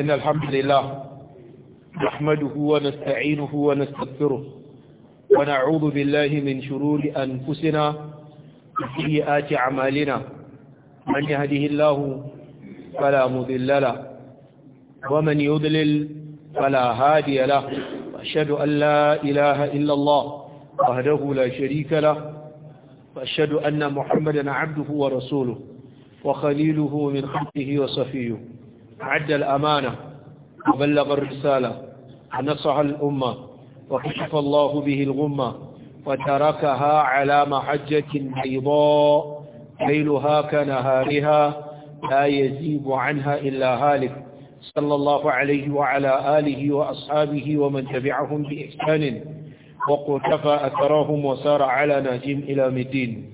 إن الحمد لله نحمده ونستعينه ونستغفره ونعوذ بالله من شرور أنفسنا وسيئات أعمالنا من يهده الله فلا مذل له ومن يضلل فلا هادي له وأشهد أن لا إله إلا الله وحده لا شريك له وأشهد أن محمدا عبده ورسوله وخليله من خلقه وصفيه أعد الأمانة وبلغ الرسالة ونصح الأمة وكشف الله به الغمة وتركها على محجة بيضاء ليلها كنهارها لا يزيب عنها إلا هالك صلى الله عليه وعلى آله وأصحابه ومن تبعهم بإحسان وقتفى أثرهم وسار على ناجم إلى مدين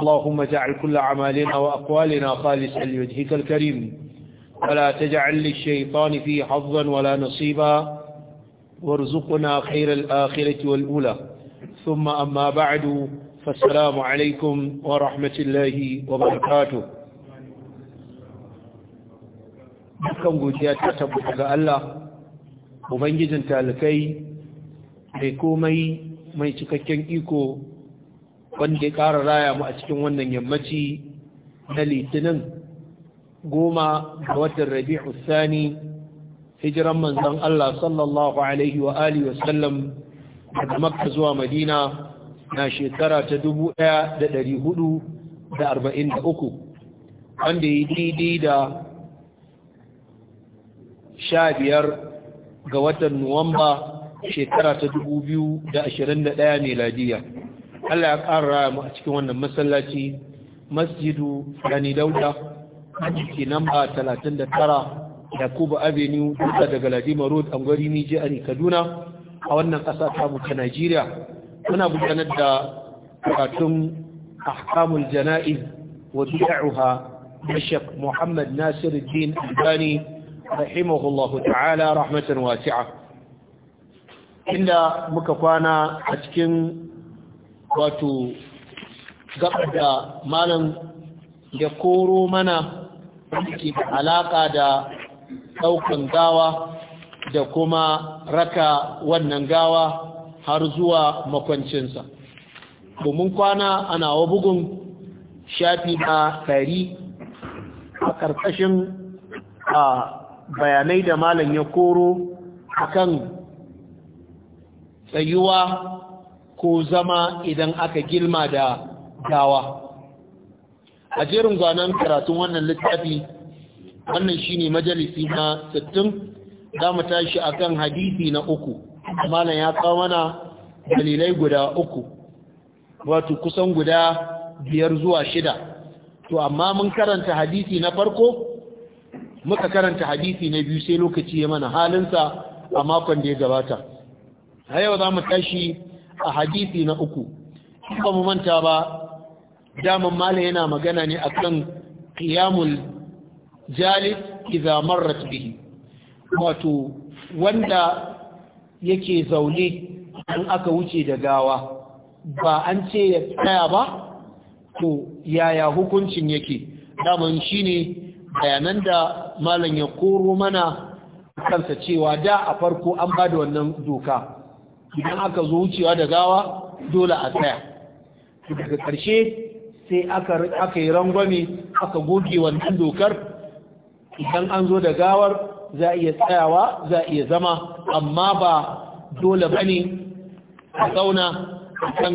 اللهم جعل كل عمالنا وأقوالنا خالصا لوجهك الكريم ولا تجعل للشيطان في حظا ولا نصيبا وارزقنا خير الآخرة والأولى ثم أما بعد فالسلام عليكم ورحمة الله وبركاته dukkan godiya ta tabbata ga Allah ubangijin talakai mai komai mai cikakken iko wanda ya ƙara raya mu a cikin wannan yammaci na litinin goma ga watan rabi'u sani hijiran manzon Allah sallallahu alaihi wa alihi wa sallam daga makka zuwa madina na shekara ta dubu ɗaya da da da hudu arba'in uku, wanda yi daidai da sha biyar ga watan nuwamba shekara ta dubu biyu 2021 meladiya Allah ya ƙara mu a cikin wannan masallaci masjidu gani dauda ke namba 39 yakubu avenue duka daga ladima road angwari miji a kaduna a wannan ƙasa ta ta najeriya muna gudanar da bukatun ahkamul jana'iz wa bid'uha bishop muhammad nasiruddin albani rahimahullahu ta'ala rahmatan wasi'a inda muka kwana a cikin wato gabar da malam ya koro mana wanda ke da alaƙa da ɗaukan gawa da kuma raka wannan gawa har zuwa makwancinsa domin kwana ana wa bugun shafi na ɗari a ƙarƙashin a bayanai da malam ya koro akan tsayuwa ko zama idan aka gilma da gawa a jerin zanen karatun wannan littafi wannan shi ne majalisi na 60 za mu tashi a kan hadisi na uku malam ya kawo mana dalilai guda uku wato kusan guda biyar zuwa shida to amma mun karanta hadisi na farko muka karanta hadisi na biyu sai lokaci ya mana halinsa a makon da ya gabata a yau za mu tashi a hadisi na uku ba mu manta ba daman malam yana magana ne akan qiyamul jalib idza marrat bihi wato wanda yake zaune in aka wuce da gawa ba an ce ya tsaya ba ko yaya hukuncin yake daman shine bayanan da malam ya koro mana kansa cewa da a farko an bada wannan doka idan aka zo wucewa da gawa dole a tsaya daga ƙarshe sai aka yi rangwame aka goge wannan dokar idan an zo da gawar za a iya tsayawa za a iya zama amma ba dole ba ne a zauna a kan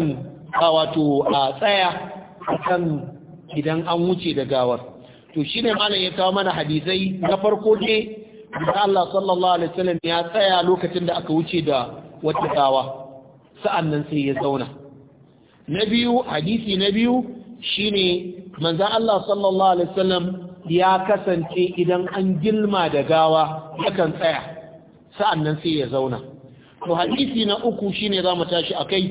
wato a tsaya kan idan an wuce da gawar to shine malam ya kawo mana hadisai na farko ne da Allah sallallahu alaihi wasallam ya tsaya lokacin da aka wuce da wata gawa sa'annan sai ya zauna na biyu hadisi na biyu shine manzon Allah sallallahu alaihi wasallam ya kasance idan an gilma da gawa yakan tsaya sa'annan sai ya zauna to hadisi na uku shine zamu tashi a kai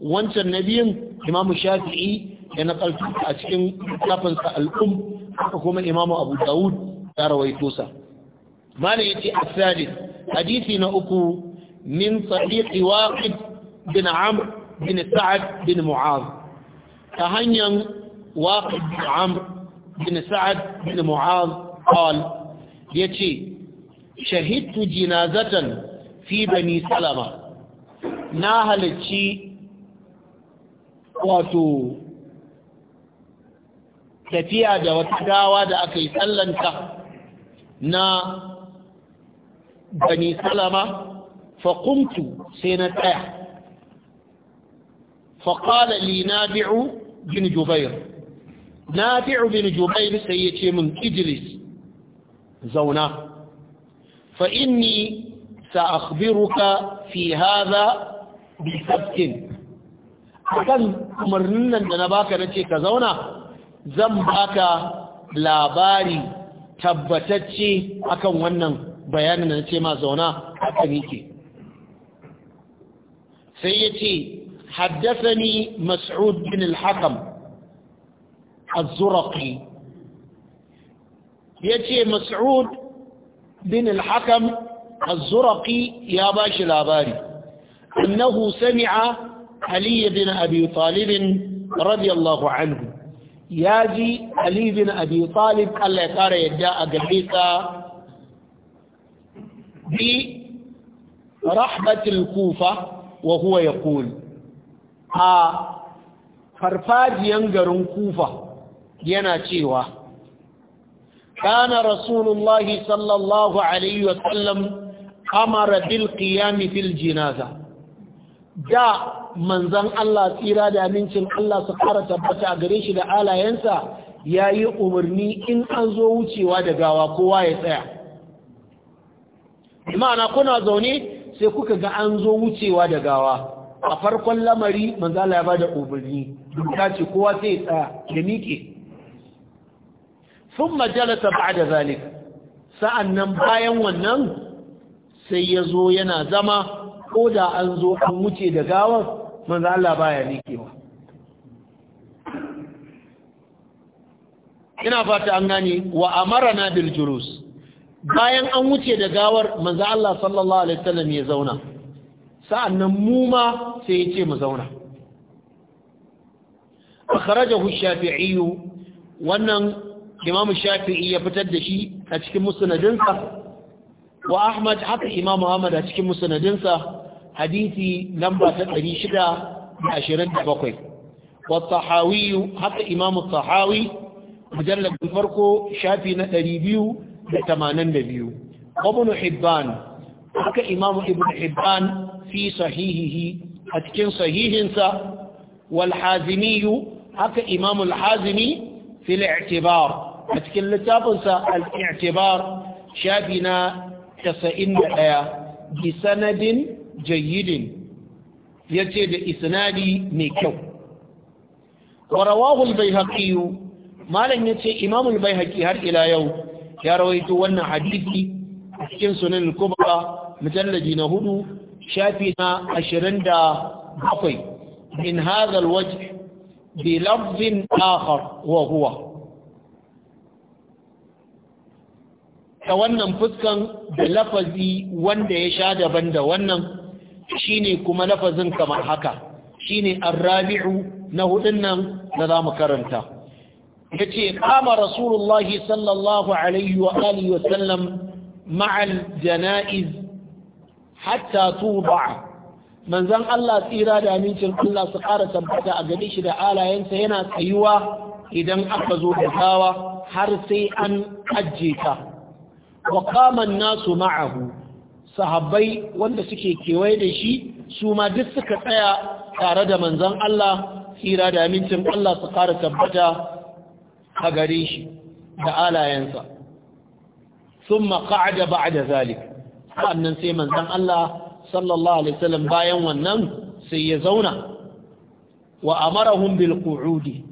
wancan nabiyin Imam Shafi'i ya nakaltu a cikin kafansa al haka kuma Imam Abu Dawud ya rawaito sa mana yace as hadisi na uku min sadiqi waqid bin Amr bin Sa'ad bin Mu'adh ta hanyar واحد بن عمرو بن سعد بن معاذ قال يتي شهدت جنازة في بني سلمة ناهل تشي واتو تفيا دا وتداوى دا أكي سلنك نا بني سلمة فقمت سينتاح فقال لي نابع بن جبير nafi'u bin jubair sai ya ce min idris zauna fa inni sa'akhbiruka fi hadha bi sabtin akan umarnin nan da na baka nace ka zauna zan baka labari tabbatacce akan wannan bayanin da nace ma zauna akan yake sai yace ni مسعود بن hakam الزرقي يتي مسعود بن الحكم الزرقي يا باشا الاباري انه سمع علي بن ابي طالب رضي الله عنه ياجي علي بن ابي طالب قال يا قار يجا اغليسا دي رحبه الكوفه وهو يقول ا آه، فرفاج ينقرون كوفه yana cewa kana rasulullahi sallallahu alaihi wasallam amara bil qiyami fil janaza da manzan Allah tsira da amincin Allah su fara tabbata a gare shi da alayensa yayi umarni in an zo wucewa da gawa kowa ya tsaya imana kuna zaune sai kuka ga an zo wucewa da gawa a farkon lamari manzala ya bada umarni ta ce kowa sai ya tsaya ya miƙe ثم جلس بعد ذلك sa'annan bayan wannan sai ya zo yana zama ko da an zo an wuce da gawar manzo Allah baya nikewa ina fata an gane wa amarna bil julus bayan an wuce da gawar manzo Allah sallallahu alaihi wasallam ya zauna sa'annan mu ma sai ya ce mu zauna akhrajahu shafi'i wannan imam shafi'i ya fitar da shi a cikin musnadinsa wa ahmad haka imam muhammad a cikin musnadinsa hadisi lamba ta 627 wa tahawi haka imam tahawi mujallad farko shafi na 282 wa ibn hibban haka imam ibn hibban fi sahihihi a cikin sahihinsa wal hazimi haka imam al hazimi fi al-i'tibar a cikin littafinsa alitibar shafi na 91 bi sanadin jayyidin yace da isnadi mai kyau warawahul rawahu al Malam ya ce imam al-baihaqi har ila yau ya rawaito wannan hadisi a cikin sunan al-kubra mujalladi na hudu shafi na 27 bakwai hadha al-wajh bi lafzin akhar wa huwa ta wannan fuskan da lafazi wanda ya sha daban da wannan shine kuma lafazin kamar haka shine ar-rabi'u na hudun nan da mu karanta ce, kama rasulullahi sallallahu alaihi wa alihi sallam janaiz hatta tuba Manzan Allah tsira da amincin Allah su ƙara tabbata a gare shi da alayensa yana tsayuwa idan aka zo da gawa har sai an ajje ta Waƙaman nasu ma'ahu sahabbai wanda suke kewaye da shi su ma duk suka tsaya tare da manzan Allah tsira da amincin Allah su ƙara tabbata a gare shi da alayensa thumma qa'ada ba'da zalik sannan sai manzan Allah sallallahu alaihi wasallam bayan wannan sai ya zauna wa amarahum bil qu'udi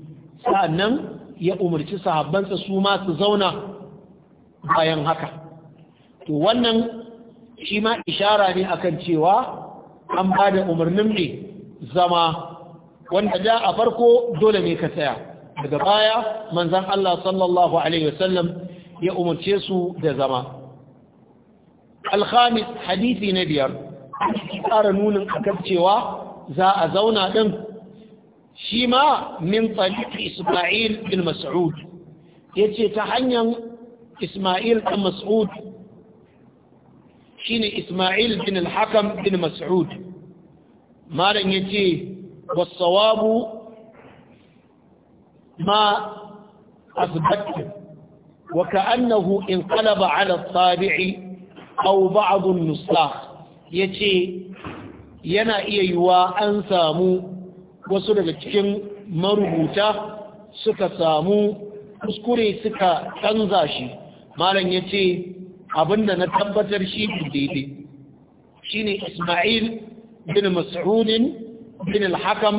sannan ya umarci sahabbansa su ma su zauna bayan haka to wannan shi ma ishara ne akan cewa an ba da umarnin ne zama wanda da a farko dole ne ka tsaya daga baya manzan Allah sallallahu alaihi wasallam ya umarce su da zama alhamis hadisi na biyar ƙara nunin akan cewa za a zauna ɗin shi ma min tsalifi isma'il bin mas'ud ya ce ta hanyar isma'il ɗan mas'ud shine Ismail bin al-Hakam bin Mas'ud malam yace was-sawabu ma asbatta wa ka'annahu inqalaba 'ala at-tabi'i aw ba'd an-nusakh yace yana iya yiwa an samu wasu daga cikin marubuta suka samu kuskure suka canza shi malam yace abinda na tabbatar shi ne daidai ne Isma'il bin Mas'ud bin al-Hakam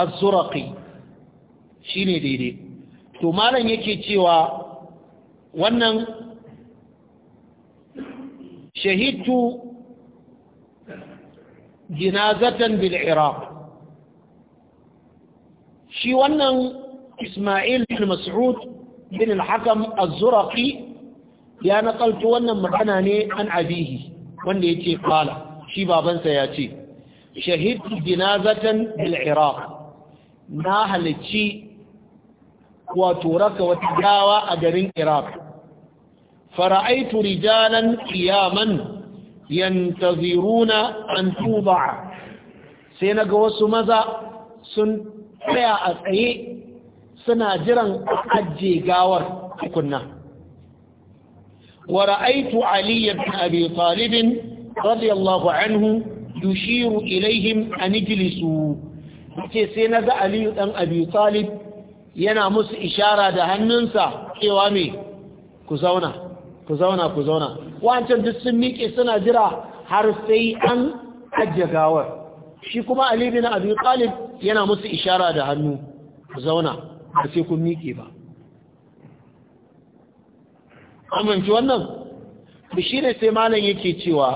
az Shi ne daidai to malam yake cewa wannan shahidtu jinazatan bil iraq shi wannan Isma'il bin Mas'ud bin al-hakam az-zuraqi ya nakalto wannan magana ne an abihi wanda yake kala shi babansa ya ce shahid jinazatan bil iraq na halicci wato raka wata gawa a garin iraq fara'aitu rijalan qiyaman yantaziruna an tuba sai naga wasu maza sun tsaya a tsaye suna jiran ajiye gawar tukunna wa ra'aytu ali ibn abi radiyallahu anhu yushiru ilaihim an ijlisu yace sai naga Aliyu dan abi talib yana musu ishara da hannunsa cewa me ku zauna ku zauna ku zauna wancan duk sun miƙe suna jira har sai an ajiye gawar shi kuma Aliyu bin abi talib yana musu ishara da hannu ku zauna ba sai kun miƙe ba amince wannan shi ne sai malam yake cewa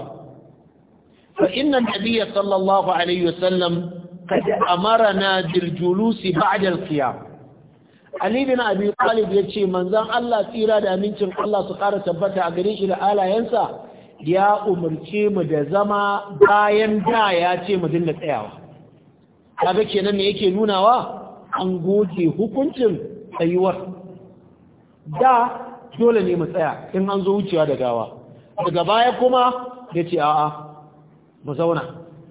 fa inna nabiyya sallallahu alaihi wasallam qad amarna bil julusi qiyam Ali bin Abi Talib ya ce manzon Allah tsira da amincin Allah su ƙara tabbata a gare shi da alayensa ya umarce mu da zama bayan da ya ce mu dinga tsayawa. Kaga kenan me yake nunawa an goge hukuncin tsayuwar da dole ne mu tsaya in an zo wucewa da gawa daga baya kuma ya ce a'a mu zauna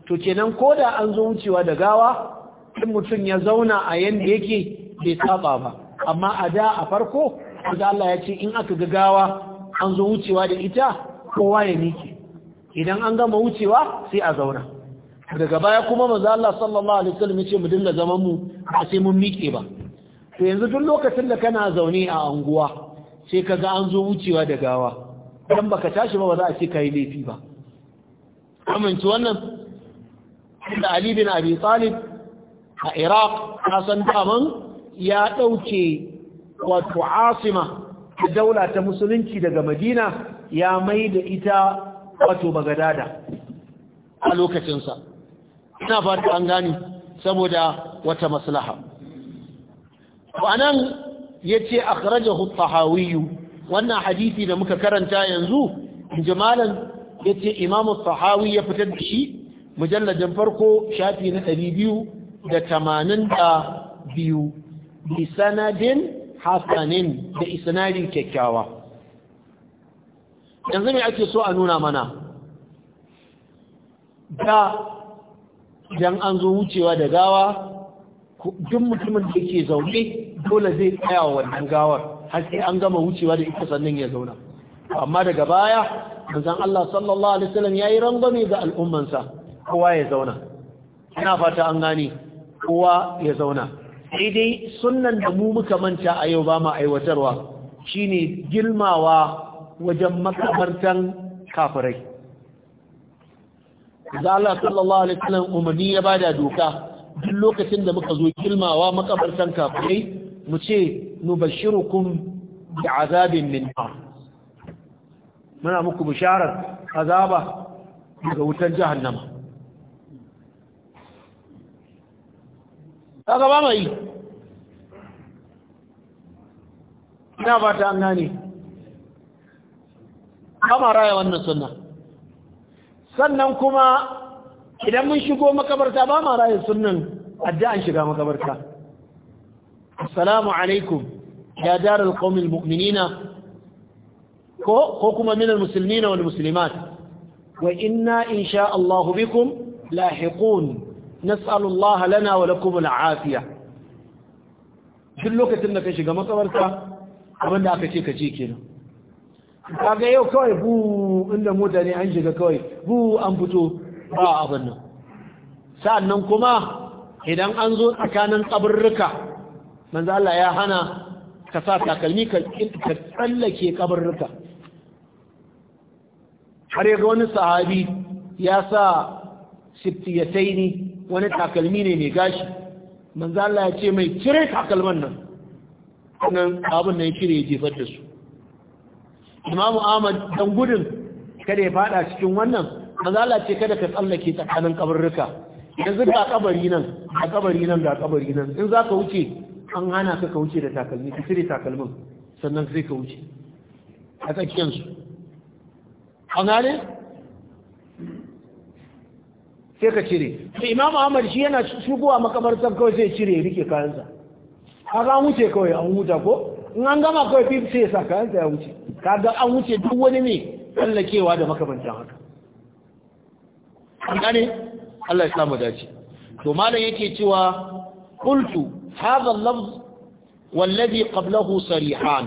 to kenan ko da an zo wucewa da gawa in mutum ya zauna a yanda yake bai saba ba amma a da a farko da Allah ya ce in aka ga gawa an zo wucewa da ita kowa ya miki idan an gama wucewa sai a zauna daga baya kuma manzo Allah sallallahu alaihi wasallam yace mu dinga zaman mu ba sai mun miƙe ba to yanzu duk lokacin da kana zaune a anguwa sai kaga an zo wucewa da gawa dan baka tashi ba ba za a ce kai laifi ba amince wannan da Ali bin Abi Talib a Iraq ka san ya dauke wato asima da daula ta musulunci daga Madina ya mai da ita wato Bagadada a lokacinsa ina fata an gani saboda wata maslaha anan yace akhrajahu tahawi wannan hadisi da muka karanta yanzu jamalan yace imam at-tahawi ya fitar da shi mujalladin farko shafi na 282 bi sanadin hasanin da isnadin kyakkyawa yanzu mai ake so a nuna mana da idan an zo wucewa da gawa duk mutumin da ke zaune dole zai tsaya wa wannan gawar har sai an gama wucewa da ita sannan ya zauna amma daga baya manzon Allah sallallahu alaihi wasallam yayi rangwame ga al'ummansa kowa ya zauna ina fata an gane kowa ya zauna sai dai sunnan da mu muka manta a yau ba mu aiwatarwa shine girmawa wajen makabartan kafirai da Allah sallallahu alaihi wasallam umarni ya bada doka duk lokacin da muka zo kilmawa makabartan kafirai mu ce nubashirukum bi'azabin min nar muna muku bisharar azaba daga wutar jahannama kaga ba mai ina ba ta an gane ba ma raya wannan sunna sannan kuma idan mun shigo makabarta ba ma rayin sunnan addu'an shiga makabarta assalamu alaikum ya daral qaumil mu'minina ko ko kuma minal muslimina wal muslimat wa inna insha Allah bikum lahiqun nas'alu Allah lana wa lakum al afiya duk lokacin da ka shiga makabarta abinda aka ce ka ce kenan kaga yau kawai bu inda mota ne an shiga kawai bu an fito ba abin nan sa'annan kuma idan an zo tsakanin kaburruka manzo Allah ya hana ka sa takalmi ka tsallake kaburruka har ga wani sahabi ya sa siftiyatai ne wani takalmi ne mai gashi manzo Allah ya ce mai cire takalman nan nan abin nan ya cire ya jefar da su Imamu Ahmad dan gudun kada ya fada cikin wannan manzala ce kada ka tsallake tsakanin kabarruka yanzu ga kabari nan ga kabari nan ga kabari nan in zaka wuce an hana ka ka wuce da takalmi ka cire takalmin sannan sai ka wuce a tsakiyar su an gane sai ka cire Imam Ahmad shi yana shigowa makabartar kawai sai cire ya rike kayansa ka an wuce kawai an huta ko in an gama kawai fifi sai ya sa kayansa ya wuce kaga an wuce duk wani ne tsallakewa da makamantan haka an gane Allah ya samu dace to malam yake cewa qultu hadha al-lafz wallazi qablahu sarihan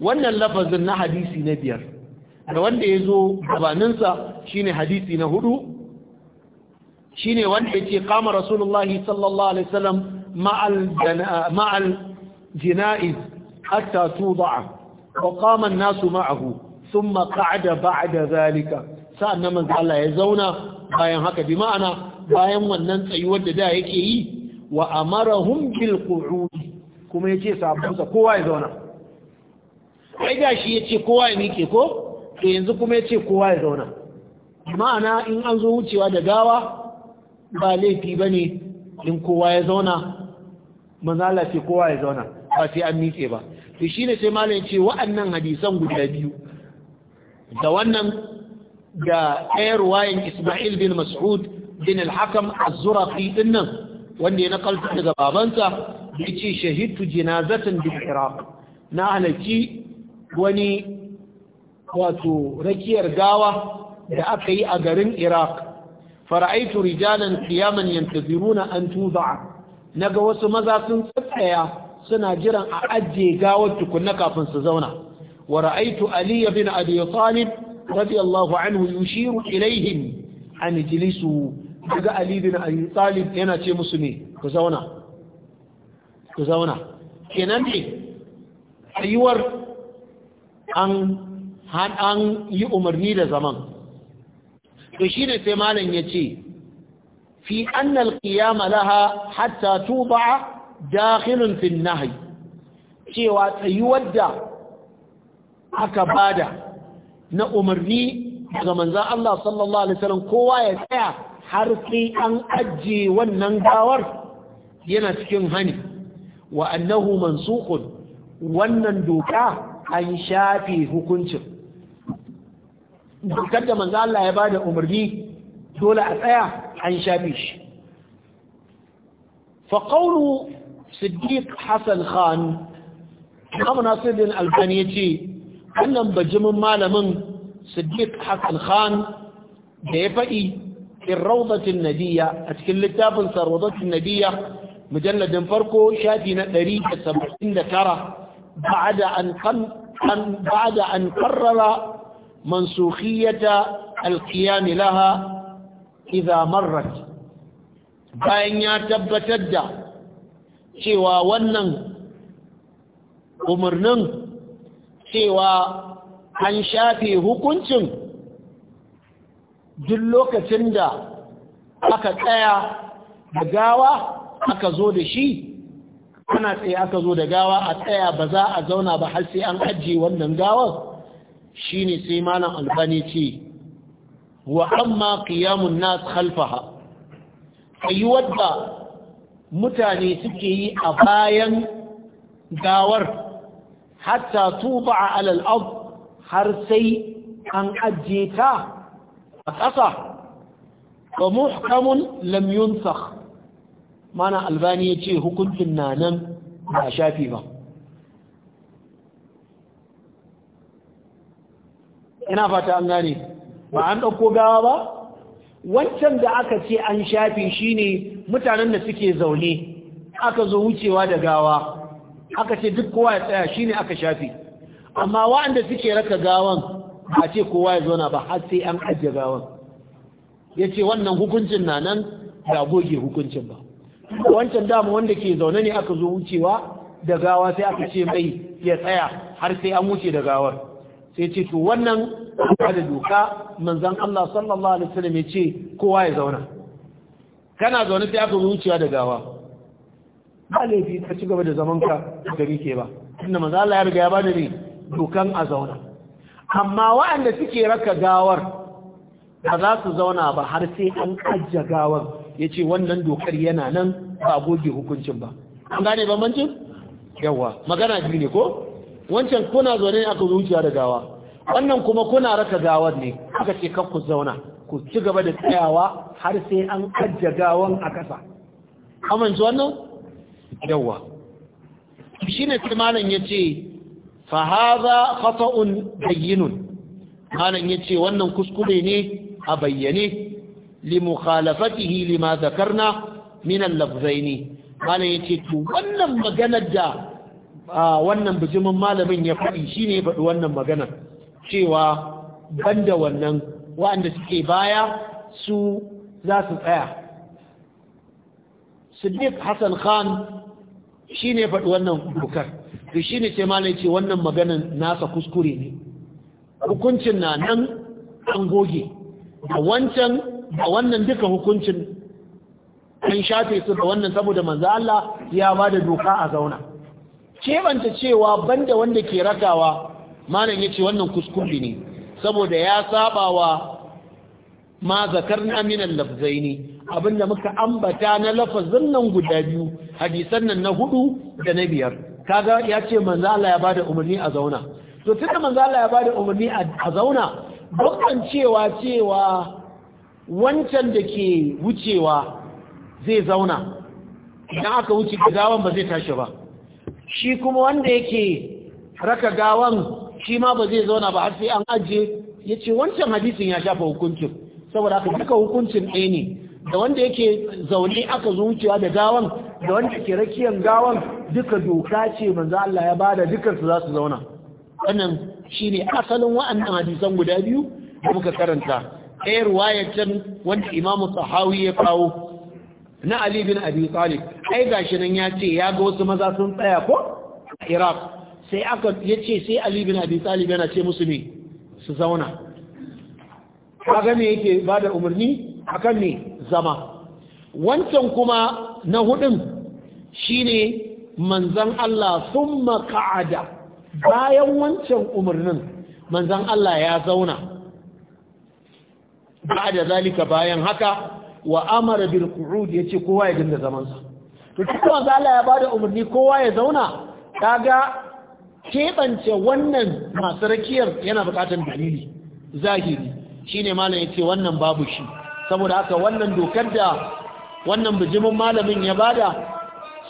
wannan lafazin na hadisi na biyar da wanda yazo gabaninsa shine hadisi na hudu shine wanda yake kama rasulullahi sallallahu alaihi wasallam ma'al ma'al jinaiz hatta tuda'a وقام الناس معه ثم قعد بعد ذلك sa'annan manzo Allah ya zauna bayan haka bi ma'ana bayan wannan tsayuwar da da yake yi wa amarahum bil qu'ud kuma yace sabunsa kowa ya zauna ai da shi yace kowa ya mike ko to yanzu kuma yace kowa ya zauna ma'ana in an zo wucewa da gawa ba laifi bane in kowa ya zauna manzo Allah ce kowa ya zauna ba sai an mike ba to shine sai malam ce wa'annan hadisan guda biyu da wannan da ɗaya ruwayan Ismail bin Mas'ud bin al-Hakam az-Zuraqi dinnan wanda ya nakalta daga babansa yace shahidtu jinazatan bil Iraq na halarci wani wato rakiyar gawa da aka yi a garin Iraq fara'aitu rijalan qiyaman yantaziruna an tuza'a naga wasu maza sun tsaya suna jiran a ajiye gawar tukunna kafin su zauna wa ra'aitu ali ibn abi talib radiyallahu anhu yushiru ilaihim an jilisu daga ali ibn abi talib yana ce musu ne ku zauna ku zauna kenan ne ayuwar an an yi umarni da zaman to shine sai malam yace fi anna al-qiyama laha hatta tuba dakhilun fi nahyi cewa tsayuwar da aka bada na umarni daga manzan Allah sallallahu alaihi wasallam kowa ya tsaya har sai an ajje wannan gawar yana cikin hani wa annahu mansukun wannan doka an shafe hukuncin dokar da manzan Allah ya bada umarni dole a tsaya an shafe shi فقوله صديق حسن خان كمان سيدنا البانيجي أنم بجم مال من صديق حسن خان ديفئي في الروضة الندية أتكلم كتاب الروضة الندية مجلد فرقه شادي نقري سبعين ذكرة بعد أن قن بعد أن قرر منسوخية القيام لها إذا مرت بين يتبتدى cewa wannan umarnin cewa an shafe hukuncin duk lokacin da aka tsaya da gawa aka zo da shi ana tsaye aka zo da gawa a tsaya ba za a zauna ba har sai an ajiye wannan gawar ne sai malam albani ce wa amma qiyamun nas khalfaha mutane suke yi a bayan gawar hatta tuba a alal'ab har sai an ajiye ta a ƙasa ba muhkamun lamyunsar mana albani ya ce hukuncin na nan ba shafi ba ina fata an gane ba an ɗauko gawa ba wancan da aka ce an shafi shine mutanen da suke zaune aka zo wucewa da gawa aka ce duk kowa ya tsaya shine aka shafe amma waɗanda suke raka gawan ba ce kowa ya zauna ba har sai an ajiye gawan ya ce wannan hukuncin na nan da goge hukuncin ba wancan dama wanda ke zaune ne aka zo wucewa da gawa sai aka ce mai ya tsaya har sai an wuce da gawar sai ce to wannan da doka manzon Allah sallallahu alaihi wasallam ya ce kowa ya zauna kana zaune sai aka wuciya da gawa ba laifi ka ci gaba da zaman ka da rike ba tunda maza Allah ya riga ya bada ne dokan a zauna amma waɗanda suke raka gawar ba za su zauna ba har sai an ajja gawar yace wannan dokar yana nan ba goge hukuncin ba an gane bambancin yawa magana biyu ne ko wancan kuna zaune aka zuciya da gawa wannan kuma kuna raka gawar ne aka ce kan ku zauna ku ci gaba da tsayawa har sai an ajiye gawan a ƙasa amince wannan yawa shi ne sai malam ya ce fahaza khata'un bayyinun malam ya ce wannan kuskure ne a bayyane li mukhalafatihi lima zakarna minan al-lafzaini malam ya ce to wannan maganar da wannan bijimin malamin ya faɗi shine baɗi faɗi wannan maganar cewa banda wannan Waɗanda suke baya su za su tsaya siddiq hassan khan shi ne faɗi wannan dokar to shi ne ce malai ce wannan maganan nasa kuskure ne hukuncin na nan an goge da wancan da wannan duka hukuncin an shafe su da wannan saboda manzo Allah ya ba da doka a zauna kebanta cewa banda wanda ke ragawa, malam ya ce wannan kuskure ne saboda ya saba wa ma na aminan lafzai ne abinda muka ambata na lafazin nan guda biyu hadisan nan na hudu da na biyar kaga ya ce Manzala ya bada umarni a zauna to tunda Manzala ya bada umarni a zauna dukkan cewa cewa wancan da ke wucewa zai zauna idan aka wuce gawan ba zai tashi ba shi kuma wanda yake raka gawan shi ma ba zai zauna ba har sai an ajiye ya ce wancan hadisin ya shafa hukuncin saboda haka duka hukuncin ɗaya ne da wanda yake zaune aka zuciya da gawan da wanda ke rakiyan gawan duka doka ce manzo Allah ya bada dukan su za su zauna wannan shine asalin wa'annan hadisan guda biyu da muka karanta ɗaya ruwayar can wanda Imam Sahawi ya kawo na Ali bin Abi Talib ai gashi nan ya ce ya ga wasu maza sun tsaya ko A Iraq sai aka yace sai Ali bin Abi Talib yana ce musu ne su zauna kaga me yake bada umarni akan ne zama wancan kuma na hudun shine manzan Allah summa qa'ada bayan wancan umarnin manzan Allah ya zauna Bada zalika bayan haka wa amara bil qu'ud yace kowa ya dinga zaman sa to duk wanda Allah ya bada umarni kowa ya zauna kaga keɓance wannan masu rakiyar yana buƙatar dalili zahiri shine malam yace wannan babu shi saboda haka wannan dokar da wannan bijimin malamin ya bada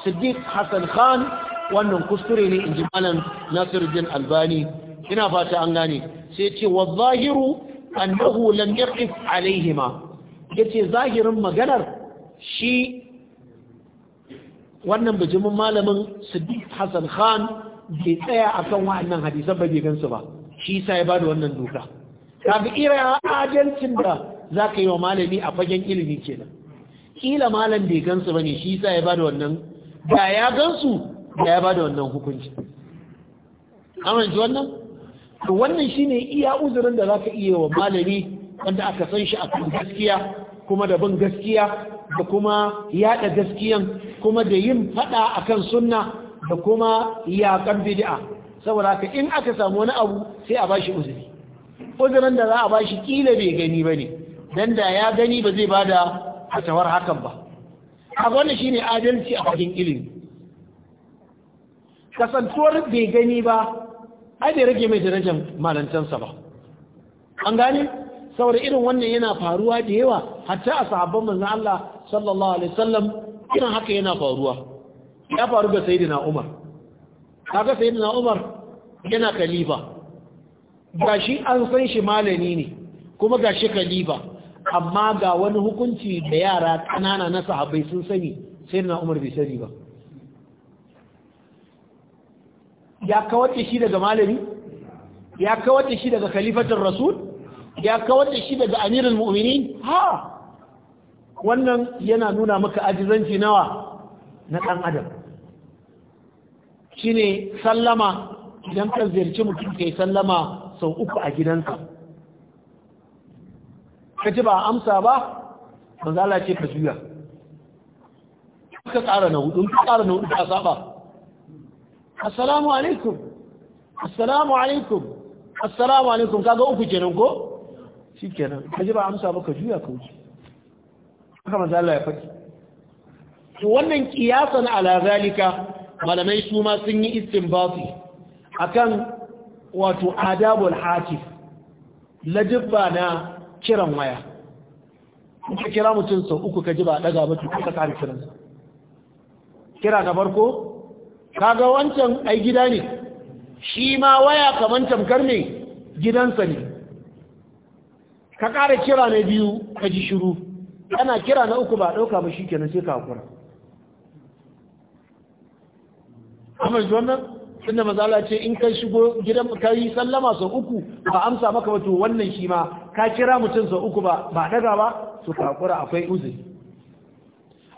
Siddiq Hassan Khan wannan kuskure ne inji malam Nasiruddin Albani ina fata an gane sai ce wa zahiru annahu lam yaqif alaihima yace zahirin maganar shi wannan bijimin malamin Siddiq Hassan Khan bai tsaya a kan wa'annan hadisan ba bai gansu ba shi sa ya bada wannan doka kaga ira adalcin da za ka yi wa malami a fagen ilimi kenan kila malam bai gansu ne shi sa ya bada wannan da ya gansu da ya bada wannan hukunci amma wannan to wannan ne iya uzurin da za ka iya wa malami wanda aka san shi a kan gaskiya kuma da bin gaskiya da kuma yada gaskiyan kuma da yin fada akan sunna da kuma yakan bid'a saboda haka in aka samu wani abu sai a bashi uzuri uzurin da za a bashi kila bai gani ba ne dan da ya gani ba zai bada hasawar hakan ba a wannan shine adalci a cikin ilimi kasantuwar bai gani ba ai bai rage mai darajar malantansa ba an gane saboda irin wannan yana faruwa da yawa hatta a sahabban manzon Allah sallallahu alaihi wasallam irin haka yana faruwa ya faru ga sayyidina Umar kaga sayyidina Umar yana ga gashi an san shi malami ne kuma gashi kalifa amma ga wani hukunci da yara kanana na sahabbai sun sani sayyidina Umar bai sani ba ya kawar da shi daga malami ya kawar da shi daga khalifatar rasul ya kawar da shi daga amirul mu'minin ha wannan yana nuna maka ajizanci nawa na dan adam shine sallama idan ka ziyarci mutum kai sallama sau uku a gidansa ka ji ba amsa ba manzala ce ka juya ka tsara na hudu ka tsara na hudu ka saba assalamu alaikum assalamu alaikum assalamu alaikum Ka ga uku kenan ko Shi kenan. ka ji ba amsa ba ka juya ka wuce haka manzala ya faɗi wannan kiyasan ala zalika malamai su ma sun yi a kan wato adabul hatif lajibba na kiran waya ka kira mutum sau uku ka ji ba daga ba tuka ka kare kiransa kira na farko kaga wancan ai gida ne shi ma waya kaman tamkar ne gidansa ne ka kara kira na biyu ka ji shiru ana kira na uku ba ɗauka ba shikenan sai ka kura amma wannan tunda mazala ce in kai shigo gidan ka yi sallama sau uku ba amsa maka wato wannan shi ma ka kira mutum sau uku ba ba daga ba su kakura akwai uzuri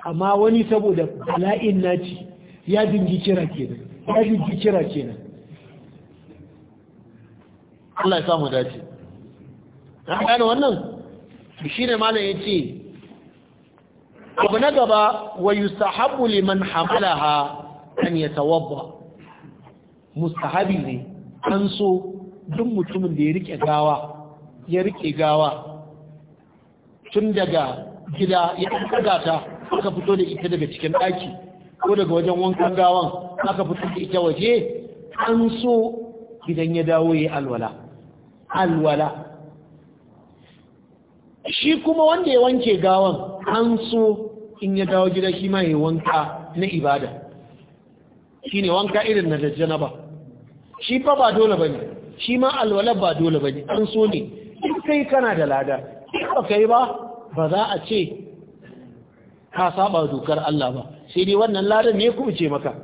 amma wani saboda bala'in naci ya dingi kira kenan ya dingi kira kenan Allah ya samu dace an gane wannan shi ne malam ya ce abu na gaba wa yustahabbu liman hamalaha an ya tawabba mustahabi ne an so duk mutumin da ya rike gawa ya rike gawa tun daga gida ya ɗaga ta aka fito da ita daga cikin ɗaki ko daga wajen wankan gawan aka fito da ita waje an so gidan ya dawo ya alwala alwala shi kuma wanda ya wanke gawan an so in ya dawo gida shi ma ya wanka na ibada Shi ne wanka irin na jajjana ba shi fa ba dole ba ne. shi ma alwala ba dole bane an so ne in kai kana da lada In ba kai ba ba za a ce ka saba dokar Allah ba sai dai wannan ladan ne kuma ce maka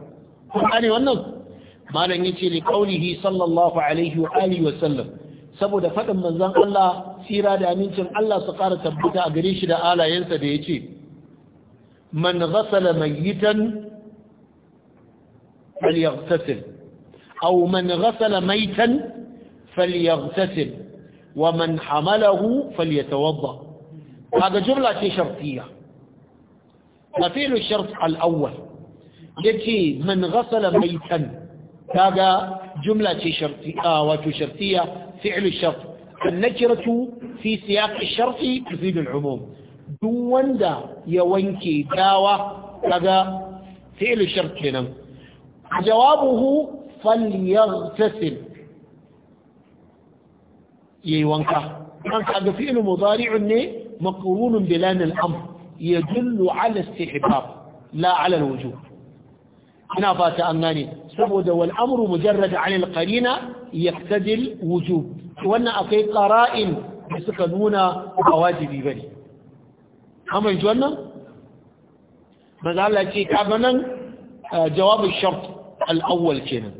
kuma ne wannan malam yace li qaulihi sallallahu alaihi wa alihi wa sallam saboda faɗin manzon Allah tsira da amincin Allah su ƙara tabbata a gare shi da alayensa da ya ce man ghasala mayitan فليغتسل أو من غسل ميتا فليغتسل ومن حمله فليتوضأ هذا جملة شرطية مثيل الشرط الأول يجي من غسل ميتا هذا جملة شرطية آه شرطية فعل الشرط النكرة في سياق الشرط تفيد العموم دون دا يوانكي داوة هذا فعل الشرط هنا jawabuhu falyaghtasil yayi wanka an kaga fi'lu mudari'un ne maqrunun bi lam al-amr yadullu ala istihbab la ala al-wujub ina fata an gane saboda wal amru mujarrad an al-qarina yaqtadi al-wujub wannan akai qara'in da suka nuna ba wajibi bane amma ji wannan maza Allah ce kaga nan eh, jawabu shart al'awwal kenan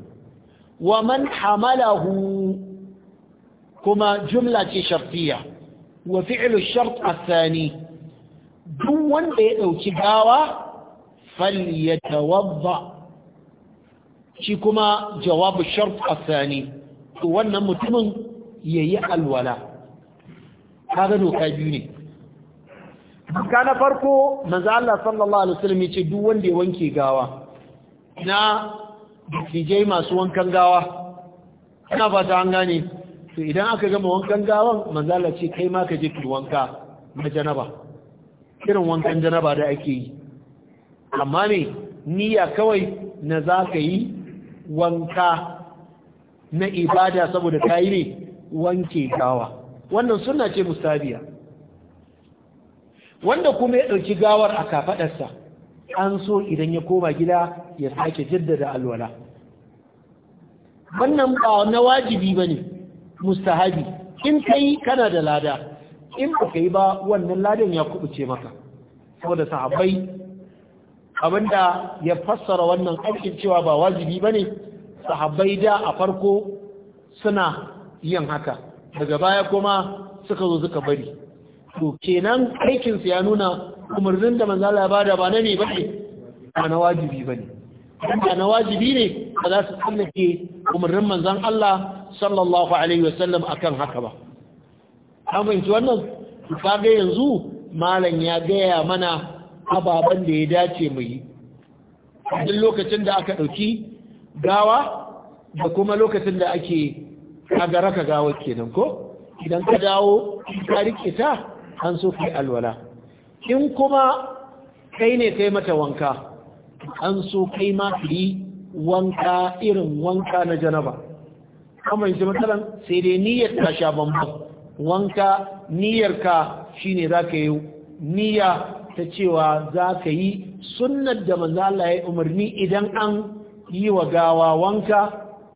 wa man hamalahu kuma jumla ce shartiya wa fi'lu shart Sani. Dun wanda ya ɗauki gawa falyatawadda shi kuma jawabu shart Sani. wannan mutumin yayi alwala kaga doka biyu ne ka na farko manzo Allah sallallahu alaihi wasallam duk wanda ya wanke gawa na dattijai masu wankan gawa ana fata an gane to idan aka gama wankan gawan manzala ce kai ma ka je ki wanka na janaba irin wankan janaba da ake yi amma ne niyya kawai na za ka yi wanka na ibada saboda ka yi ne wanke gawa wannan suna ce musabiya wanda kuma ya ɗauki gawar a kafaɗarsa an so idan ya koma gida ya sake jaddada alwala wannan ba na wajibi ba ne mustahabi in ka yi kana da lada in ba ka yi ba wannan ladan ya kubuce maka saboda sahabbai abinda ya fassara wannan aikin cewa ba wajibi ba ne sahabbai da a farko suna yin haka daga baya kuma suka zo suka bari to kenan aikinsu ya nuna umarnin da manzo Allah ya bada ba ne ba na wajibi bane ba na wajibi ne ba za su tsallake umarnin manzon Allah sallallahu alaihi wasallam akan haka ba an wannan ga yanzu malam ya gaya mana ababan da ya dace mu yi duk lokacin da aka ɗauki gawa da kuma lokacin da ake kagara ka gawa kenan ko idan ka dawo ka rike ta an so kai alwala in kuma kai ne kai mata wanka an so kai ma yi wanka irin wanka na janaba kamar yanzu matsalan sai dai niyyar ka sha bambam wanka niyyar ka shi ne za ka yi niyya ta cewa za ka yi sunnar da manzala ya umarni idan an yi wa gawa wanka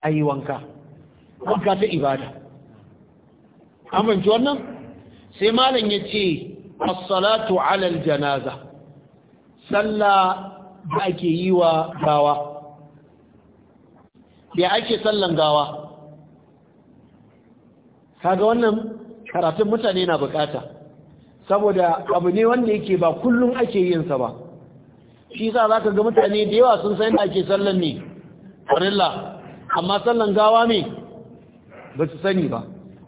a yi wanka wanka ta ibada amince wannan sai malam ya ce as-salatu ala al-janaza salla da ake yi wa gawa ya ake sallan gawa kaga wannan karatun mutane na bukata saboda abu ne wanda yake ba kullum ake yin sa ba shi za zaka ga mutane da yawa sun san da ake sallan ne farilla amma sallan gawa ne ba su sani ba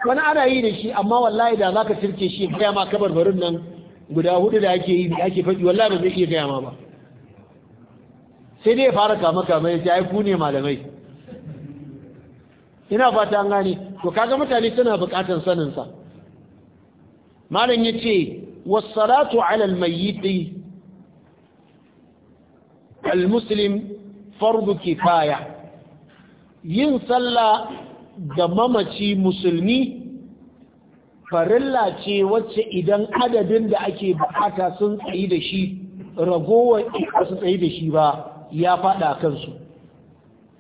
wani ana yi da shi amma wallahi da zaka cirke shi gaya ma barin nan guda hudu da ake yi ake faɗi wallahi ba zai iya gaya ma ba sai dai ya fara kama kama ya ce ai ku ne malamai ina fata an gane to kaga mutane suna buƙatar sanin sa malam yace was-salatu 'ala al almuslim al-muslim fardu kifaya yin sallah ga mamaci musulmi farilla ce wacce idan adadin da ake bukata sun tsayi da shi ragowar ba su tsayi da shi ba ya fada kansu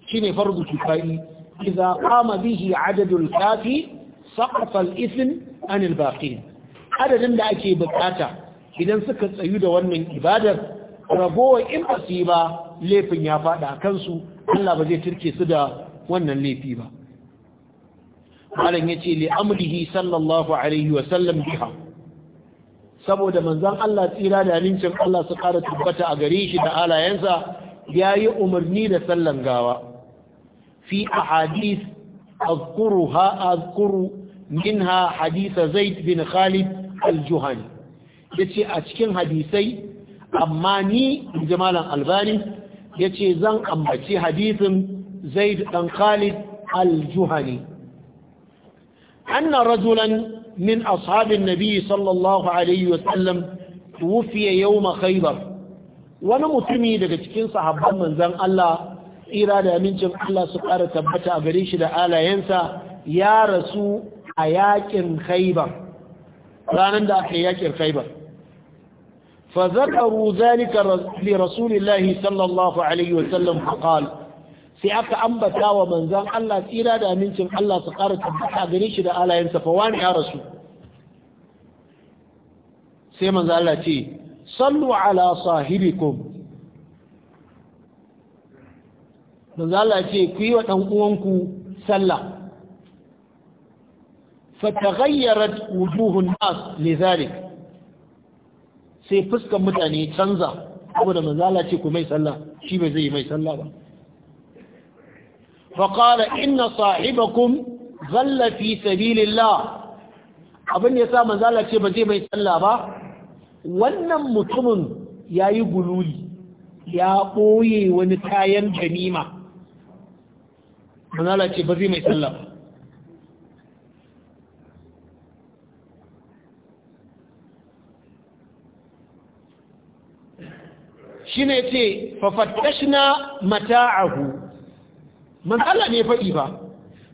shine fardu kifayi iza kama bihi adadul kafi saqafa al anil an al-baqin adadin da ake bukata idan suka tsayu da wannan ibadar ragowar in ba su yi ba laifin ya fada kansu Allah ba zai turke su da wannan laifi ba malam yace li amrihi sallallahu alaihi wa sallam biha saboda manzan Allah tsira da halincin Allah su kara tabbata a gare shi da alayensa yayi umarni da sallan gawa fi ahadith azkuruha azkuru minha hadisa zaid bin khalid al-juhani yace a cikin hadisai amma ni jamalan albani yace zan ambaci hadisin zaid dan khalid al-juhani أن رجلا من أصحاب النبي صلى الله عليه وسلم توفي يوم خيبر ونمتمي لكتكين صحابا من ذن الله إرادة من جمع الله سبحانه تبتع بريش لآلا ينسى يا رسول أياك خيبر رانا دا أحياك خيبر فذكروا ذلك لرسول الله صلى الله عليه وسلم فقال sai aka ambata wa manzan Allah tsira da amincin Allah su ƙara tabbata gare shi da alayensa fa wani ya rasu sai manzan Allah ce sallu ala sahibikum manzan Allah ce ku yi wa ɗan uwanku sallah fatagayyarat wujuhun nas zalik sai fuskan mutane canza saboda manzan Allah ce ku mai sallah shi bai zai yi mai sallah ba فقال إن صاحبكم ظل في سبيل الله abin ya sa manzala ce ba zai mai sallah ba wannan mutumin ya yi gululi ya ɓoye wani kayan ganima manzala ce ba zai mai sallah ba shi ne ce fafattashna mata'ahu manzo Allah ne faɗi ba